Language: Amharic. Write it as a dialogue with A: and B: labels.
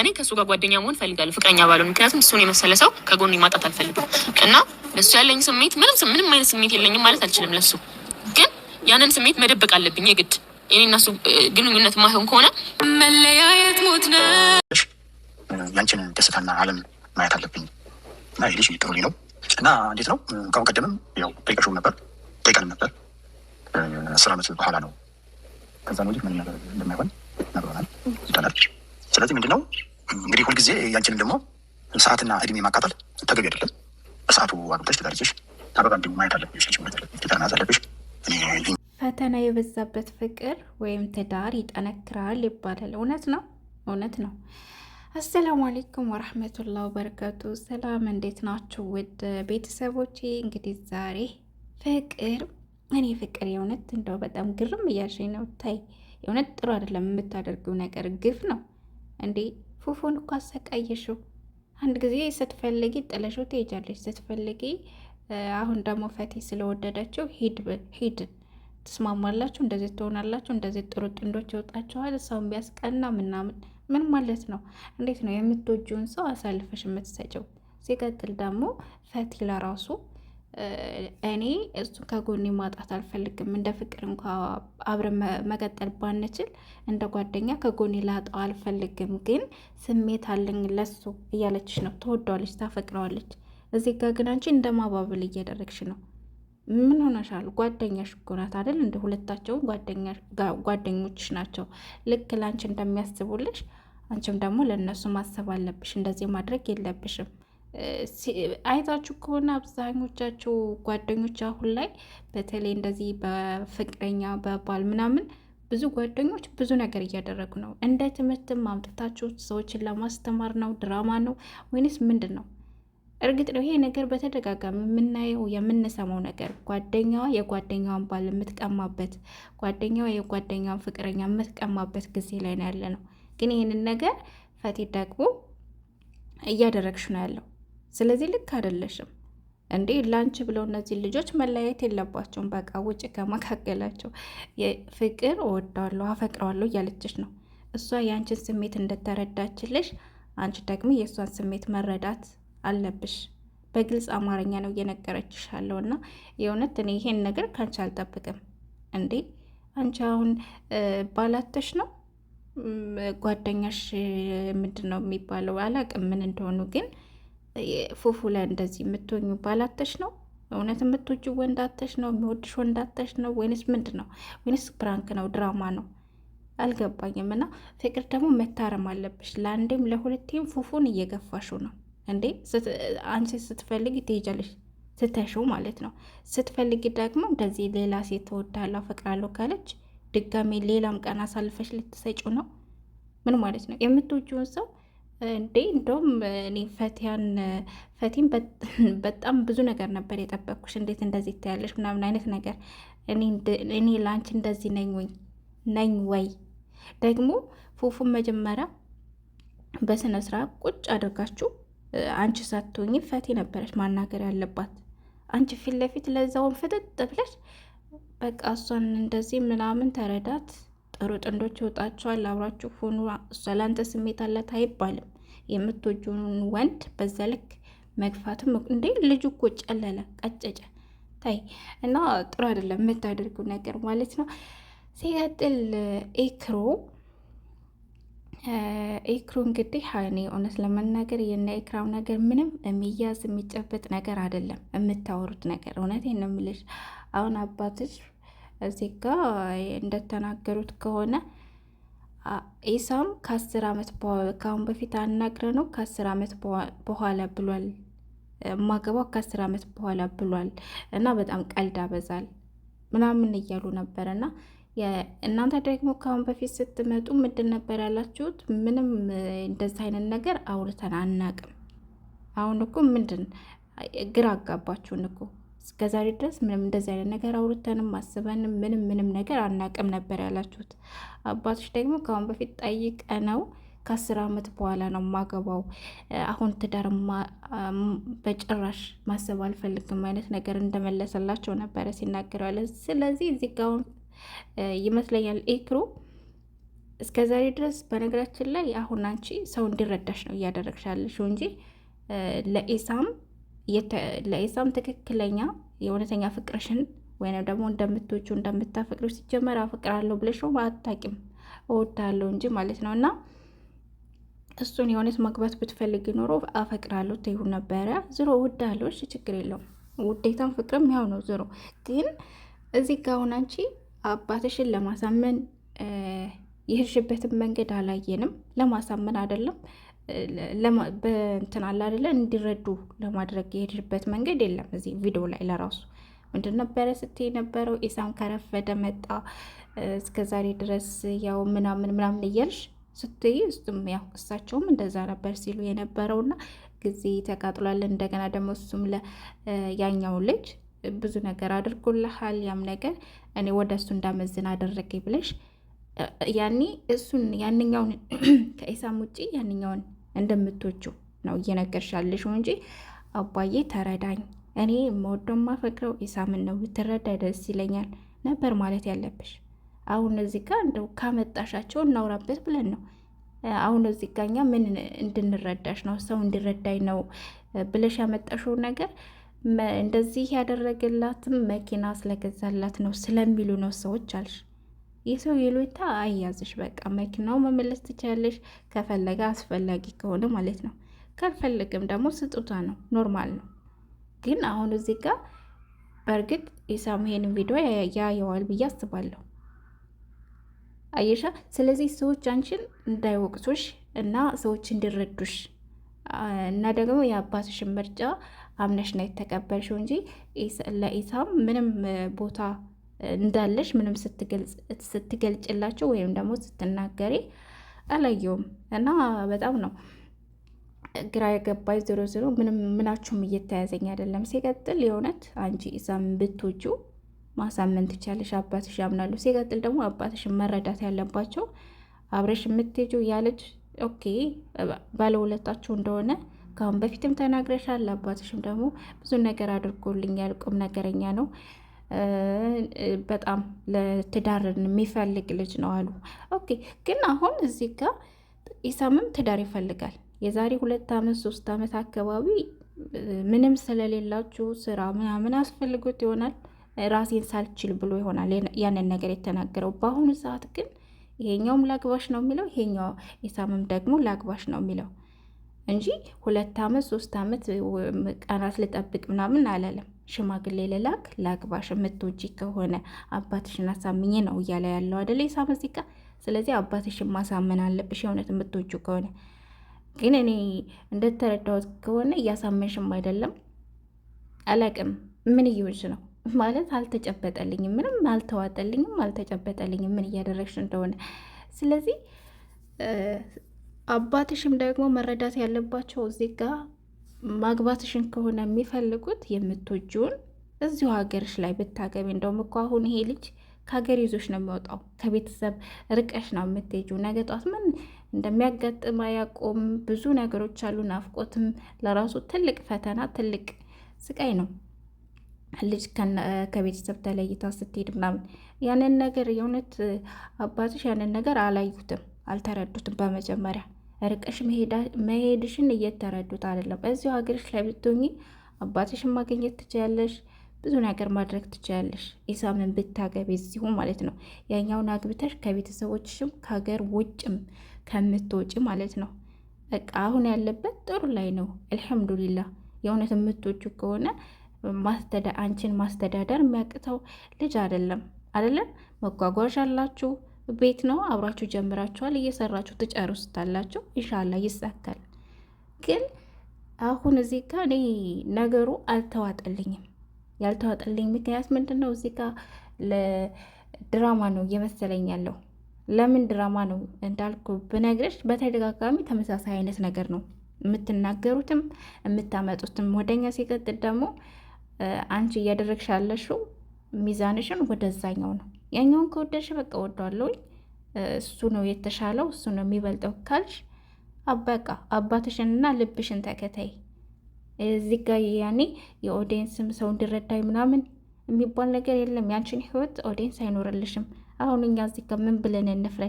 A: እኔ ከእሱ ጋር ጓደኛ መሆን ፈልጋለሁ፣ ፍቅረኛ ባልሆን። ምክንያቱም እሱን የመሰለ ሰው ከጎን ማጣት አልፈልግም እና ለሱ ያለኝ ስሜት ምንም ምንም አይነት ስሜት የለኝም ማለት አልችልም ለሱ። ግን ያንን ስሜት መደበቅ አለብኝ የግድ እኔ እና እሱ ግንኙነት ማይሆን ከሆነ
B: መለያየት ሞት ነው።
C: ያንቺን ደስታና አለም ማየት አለብኝ እና ይህ ልጅ ጥሩ ነው እና እንዴት ነው ከአሁን ቀደምም ያው ጠይቀሽው ነበር ጠይቀንም ነበር። አስር ዓመት በኋላ ነው ከዛ ነው ምን ነገር እንደማይሆን ነግሮናል ይጠላል ስለዚህ ምንድነው እንግዲህ ሁልጊዜ ያንችንም ደግሞ ሰዓትና እድሜ ማቃጠል ተገቢ አይደለም። በሰዓቱ አግብተሽ ተጋርጅሽ አበባ እንዲሁ ማየት አለብሽ፣ ትዳር አለብሽ።
D: ፈተና የበዛበት ፍቅር ወይም ትዳር ይጠነክራል ይባላል። እውነት ነው፣ እውነት ነው። አሰላሙ አሌይኩም ወረህመቱላህ ወበረካቱ። ሰላም እንዴት ናችሁ ውድ ቤተሰቦቼ? እንግዲህ ዛሬ ፍቅር እኔ ፍቅር የእውነት እንደው በጣም ግርም እያልሽኝ ነው። ታይ የእውነት ጥሩ አይደለም የምታደርገው ነገር ግፍ ነው። እንዴ ፉፉን እኮ አሰቃየሽው። አንድ ጊዜ ስትፈልጊ ጥለሽው ትሄጃለሽ፣ ስትፈልጊ አሁን ደግሞ ፈቴ ስለወደደችው ሂድ ትስማማላችሁ፣ እንደዚህ ትሆናላችሁ፣ እንደዚህ ጥሩ ጥንዶች ይወጣችኋል፣ ሰውን ቢያስቀና ምናምን ምን ማለት ነው? እንዴት ነው የምትወጂውን ሰው አሳልፈሽ የምትሰጪው? ሲቀጥል ደግሞ ፈቲ ለራሱ እኔ እሱ ከጎኔ ማጣት አልፈልግም። እንደ ፍቅር እንኳ አብረን መቀጠል ባንችል እንደ ጓደኛ ከጎኔ ላጣው አልፈልግም፣ ግን ስሜት አለኝ ለሱ እያለችሽ ነው። ትወደዋለች፣ ታፈቅረዋለች። እዚህ ጋ ግን አንቺ እንደ ማባበል እያደረግሽ ነው። ምን ሆነሻል? ጓደኛሽ እኮ ናት አይደል? እንደ ሁለታቸውም ጓደኞችሽ ናቸው። ልክ ለአንቺ እንደሚያስቡልሽ አንቺም ደግሞ ለእነሱ ማሰብ አለብሽ። እንደዚህ ማድረግ የለብሽም። አይታችሁ ከሆነ አብዛኞቻቸው ጓደኞች አሁን ላይ በተለይ እንደዚህ በፍቅረኛ በባል ምናምን ብዙ ጓደኞች ብዙ ነገር እያደረጉ ነው። እንደ ትምህርት ማምጣታችሁ ሰዎችን ለማስተማር ነው? ድራማ ነው ወይንስ ምንድን ነው? እርግጥ ነው ይሄ ነገር በተደጋጋሚ የምናየው የምንሰማው ነገር ጓደኛዋ የጓደኛዋን ባል የምትቀማበት፣ ጓደኛዋ የጓደኛዋን ፍቅረኛ የምትቀማበት ጊዜ ላይ ነው ያለ ነው። ግን ይህንን ነገር ፈቲ ደግሞ እያደረግሽ ነው ያለው ስለዚህ ልክ አይደለሽም እንዴ ላንቺ ብለው እነዚህ ልጆች መለያየት የለባቸውም። በቃ ውጭ ከመካከላቸው። ፍቅር እወዳለሁ አፈቅረዋለሁ እያለችሽ ነው። እሷ የአንችን ስሜት እንደተረዳችልሽ፣ አንቺ ደግሞ የእሷን ስሜት መረዳት አለብሽ። በግልጽ አማርኛ ነው እየነገረችሽ ያለው እና የእውነት እኔ ይሄን ነገር ከአንቺ አልጠብቅም። እንዴ አንቺ አሁን ባላተሽ ነው ጓደኛሽ ምንድን ነው የሚባለው አላቅም ምን እንደሆኑ ግን ፉፉ ላይ እንደዚህ የምትሆኙ ባላተሽ ነው እውነት የምትወጁ ወንዳተሽ ነው የሚወድሽ ወንዳተሽ ነው ወይንስ ምንድን ነው? ወይንስ ፕራንክ ነው ድራማ ነው? አልገባኝም። እና ፍቅር ደግሞ መታረም አለብሽ። ለአንዴም ለሁለቴም ፉፉን እየገፋሽው ነው እንዴ። አንቺ ስትፈልግ ትሄጃለሽ ስተሽው ማለት ነው። ስትፈልጊ ደግሞ እንደዚህ ሌላ ሴት ተወዳለሁ አፈቅራለሁ ካለች ድጋሜ ሌላም ቀን አሳልፈሽ ልትሰጪው ነው? ምን ማለት ነው? የምትወጂውን ሰው እንዴ እንደውም እኔ ፈቲያን ፈቲን በጣም ብዙ ነገር ነበር የጠበቅኩሽ። እንዴት እንደዚህ ትያለሽ? ምናምን አይነት ነገር እኔ ለአንቺ እንደዚህ ነኝ ወይ ነኝ ወይ? ደግሞ ፉፉን መጀመሪያ በስነ ስርዓት ቁጭ አድርጋችሁ አንቺ ሳትሆኚ ፈቲ ነበረች ማናገር ያለባት አንቺ ፊት ለፊት ለዛውን ፍጥጥ ብለሽ በቃ እሷን እንደዚህ ምናምን ተረዳት ጥሩ ጥንዶች ይወጣቸዋል። አብራችሁ ሆኑ። እሷ ለአንተ ስሜት አላት አይባልም። የምትወጁን ወንድ በዛ ልክ መግፋትም እንዴ ልጁ እኮ ጨለለ ቀጨጨ ታይ እና ጥሩ አይደለም የምታደርጉ ነገር ማለት ነው። ሲቀጥል ኤክሮ ኤክሮ እንግዲህ እኔ እውነት ለመናገር የእነ ኤክራው ነገር ምንም የሚያዝ የሚጨበጥ ነገር አይደለም። የምታወሩት ነገር እውነት ነው የምልሽ አሁን አባትሽ እዚህ ጋ እንደተናገሩት ከሆነ ኢሳም ከአስር አመት ከአሁን በፊት አናግረ ነው ከአስር አመት በኋላ ብሏል። ማገባው ከአስር ዓመት በኋላ ብሏል እና በጣም ቀልድ አበዛል ምናምን እያሉ ነበር እና እናንተ ደግሞ ከአሁን በፊት ስትመጡ ምንድን ነበር ያላችሁት? ምንም እንደዚህ አይነት ነገር አውርተን አናቅም። አሁን እኮ ምንድን ግራ አጋባችሁን እኮ እስከዛሬ ድረስ ምንም እንደዚህ አይነት ነገር አውርተንም አስበንም ምንም ምንም ነገር አናቅም ነበር ያላችሁት አባቶች ደግሞ ከአሁን በፊት ጠይቀነው ከአስር ዓመት በኋላ ነው ማገባው፣ አሁን ትዳር በጭራሽ ማሰብ አልፈልግም አይነት ነገር እንደመለሰላቸው ነበረ ሲናገሩ ያለ። ስለዚህ እዚህ ጋ ይመስለኛል ኤክሩ እስከ ዛሬ ድረስ በነገራችን ላይ አሁን አንቺ ሰው እንዲረዳሽ ነው እያደረግሻለሽው እንጂ ለኢሳም ለኢሳም ትክክለኛ የእውነተኛ ፍቅርሽን ወይም ደግሞ እንደምትወቹ እንደምታፈቅዱ ሲጀመር አፈቅራለሁ ብለሽ ነው አታውቂም። እወዳለሁ እንጂ ማለት ነው እና እሱን የእውነት መግባት ብትፈልግ ኖሮ አፈቅራለሁ ትይሁ ነበረ። ዝሮ እወዳለሁ፣ እሺ ችግር የለውም። ውዴታም ፍቅርም ያው ነው። ዝሮ ግን እዚህ ጋ አሁን አንቺ አባትሽን ለማሳመን የሄድሽበትን መንገድ አላየንም። ለማሳመን አይደለም በእንትን አለ አይደለ እንዲረዱ ለማድረግ የሄድበት መንገድ የለም። እዚህ ቪዲዮ ላይ ለራሱ ምንድን ነበረ ስትይ ነበረው ኢሳም ከረፈደ መጣ እስከዛሬ ድረስ ያው ምናምን ምናምን እያልሽ ስትይ እሱም ያው እሳቸውም እንደዛ ነበር ሲሉ የነበረውና ጊዜ ተቃጥሏል። እንደገና ደግሞ እሱም ለያኛው ልጅ ብዙ ነገር አድርጎልሃል። ያም ነገር እኔ ወደ እሱ እንዳመዝን አደረገኝ ብለሽ ያኔ እሱን ያንኛውን ከኢሳም ውጭ ያንኛውን እንደምትወጂው ነው እየነገርሻለሽ እንጂ አባዬ ተረዳኝ፣ እኔ የምወደው የማፈቅረው ኢሳምን ነው፣ ብትረዳ ደስ ይለኛል ነበር ማለት ያለብሽ። አሁን እዚህ ጋር እንደው ካመጣሻቸው እናውራበት ብለን ነው። አሁን እዚህ ጋ እኛ ምን እንድንረዳሽ ነው ሰው እንዲረዳኝ ነው ብለሽ ያመጣሽውን ነገር እንደዚህ ያደረገላትም መኪና ስለገዛላት ነው ስለሚሉ ነው ሰዎች አልሽ። የሰው የሎታ አያዝሽ። በቃ መኪናው መመለስ ትችላለሽ፣ ከፈለገ አስፈላጊ ከሆነ ማለት ነው። ካልፈለግም ደግሞ ስጦታ ነው፣ ኖርማል ነው። ግን አሁን እዚህ ጋር በእርግጥ ኢሳም ቪዲ ቪዲዮ ያየዋል ብዬ አስባለሁ። አየሻ። ስለዚህ ሰዎች አንቺን እንዳይወቅሱሽ እና ሰዎች እንዲረዱሽ እና ደግሞ የአባትሽን ምርጫ አምነሽ ነው የተቀበልሽው እንጂ ለኢሳም ምንም ቦታ እንዳለሽ ምንም ስትገልጭላቸው ወይም ደግሞ ስትናገሪ አላየውም እና በጣም ነው ግራ የገባኝ። ዞሮ ዞሮ ምንም ምናችሁም እየተያዘኝ አይደለም። ሲቀጥል የእውነት አንቺ እዛም ብትወጪ ማሳመን ትቻለሽ። አባትሽ ያምናሉ። ሲቀጥል ደግሞ አባትሽ መረዳት ያለባቸው አብረሽ የምትሄጂው ያለች ኦኬ፣ ባለውለታችሁ እንደሆነ ከአሁን በፊትም ተናግረሻል። አባትሽም ደግሞ ብዙ ነገር አድርጎልኛል፣ ቁም ነገረኛ ነው በጣም ለትዳርን የሚፈልግ ልጅ ነው አሉ። ኦኬ ግን አሁን እዚህ ጋር ኢሳምም ትዳር ይፈልጋል። የዛሬ ሁለት ዓመት ሶስት ዓመት አካባቢ ምንም ስለሌላችሁ ስራ ምናምን አስፈልጎት ይሆናል ራሴን ሳልችል ብሎ ይሆናል ያንን ነገር የተናገረው። በአሁኑ ሰዓት ግን ይሄኛውም ላግባሽ ነው የሚለው ይሄኛው ኢሳምም ደግሞ ላግባሽ ነው የሚለው እንጂ ሁለት ዓመት ሶስት ዓመት ቀናት ልጠብቅ ምናምን አላለም። ሽማግሌ ልላክ ላግባሽ የምትወጂ ከሆነ አባትሽን አሳምኜ ነው እያለ ያለው አደለ ሳ መዚቃ ስለዚህ አባትሽን ማሳመን አለብሽ የእውነት የምትወጁ ከሆነ ግን እኔ እንደተረዳሁት ከሆነ እያሳመንሽም አይደለም። አላቅም ምን እየሆንሽ ነው ማለት አልተጨበጠልኝም፣ ምንም አልተዋጠልኝም፣ አልተጨበጠልኝም ምን እያደረግሽ እንደሆነ። ስለዚህ አባትሽም ደግሞ መረዳት ያለባቸው እዚህ ጋር ማግባትሽን ከሆነ የሚፈልጉት የምትወጂውን እዚሁ ሀገርሽ ላይ ብታገቢ። እንደውም እኮ አሁን ይሄ ልጅ ከሀገር ይዞሽ ነው የሚወጣው። ከቤተሰብ ርቀሽ ነው የምትሄጂው። ነገ ጠዋት ምን እንደሚያጋጥም አያውቁም። ብዙ ነገሮች አሉ። ናፍቆትም ለራሱ ትልቅ ፈተና፣ ትልቅ ስቃይ ነው። ልጅ ከቤተሰብ ተለይታ ስትሄድ ምናምን ያንን ነገር የእውነት አባትሽ ያንን ነገር አላዩትም፣ አልተረዱትም በመጀመሪያ ርቀሽ መሄድሽን እየተረዱት አይደለም። እዚሁ ሀገርሽ ላይ ብትሆኚ አባትሽን ማግኘት ትችያለሽ፣ ብዙ ነገር ማድረግ ትችያለሽ። ኢሳምን ብታገቢ እዚሁ ማለት ነው። ያኛውን አግብተሽ ከቤተሰቦችሽም ከሀገር ውጭም ከምትወጪ ማለት ነው። በቃ አሁን ያለበት ጥሩ ላይ ነው። አልሐምዱሊላ። የእውነት የምትወጪ ከሆነ አንቺን ማስተዳደር የሚያቅተው ልጅ አይደለም አይደለም። መጓጓዣ አላችሁ ቤት ነው። አብራችሁ ጀምራችኋል፣ እየሰራችሁ ትጨርሱታላችሁ። ኢንሻላ ይሳካል። ግን አሁን እዚህ ጋ እኔ ነገሩ አልተዋጠልኝም። ያልተዋጠልኝ ምክንያት ምንድን ነው? እዚህ ጋ ለድራማ ነው እየመሰለኝ ያለው። ለምን ድራማ ነው እንዳልኩ ብነግርሽ፣ በተደጋጋሚ ተመሳሳይ አይነት ነገር ነው የምትናገሩትም የምታመጡትም ወደኛ። ሲቀጥል ደግሞ አንቺ እያደረግሽ ያለሽው ሚዛንሽን ወደዛኛው ነው። ያኛውን ከወደድሽ በቃ ወደዋለሁኝ እሱ ነው የተሻለው፣ እሱ ነው የሚበልጠው ካልሽ አበቃ። አባትሽንና ልብሽን ተከታይ። እዚህ ጋ ያኔ የኦዲየንስም ሰው እንዲረዳኝ ምናምን የሚባል ነገር የለም። ያንችን ህይወት ኦዲየንስ አይኖርልሽም። አሁን እኛ እዚህ ጋ ምን ብለን እንፍረድ?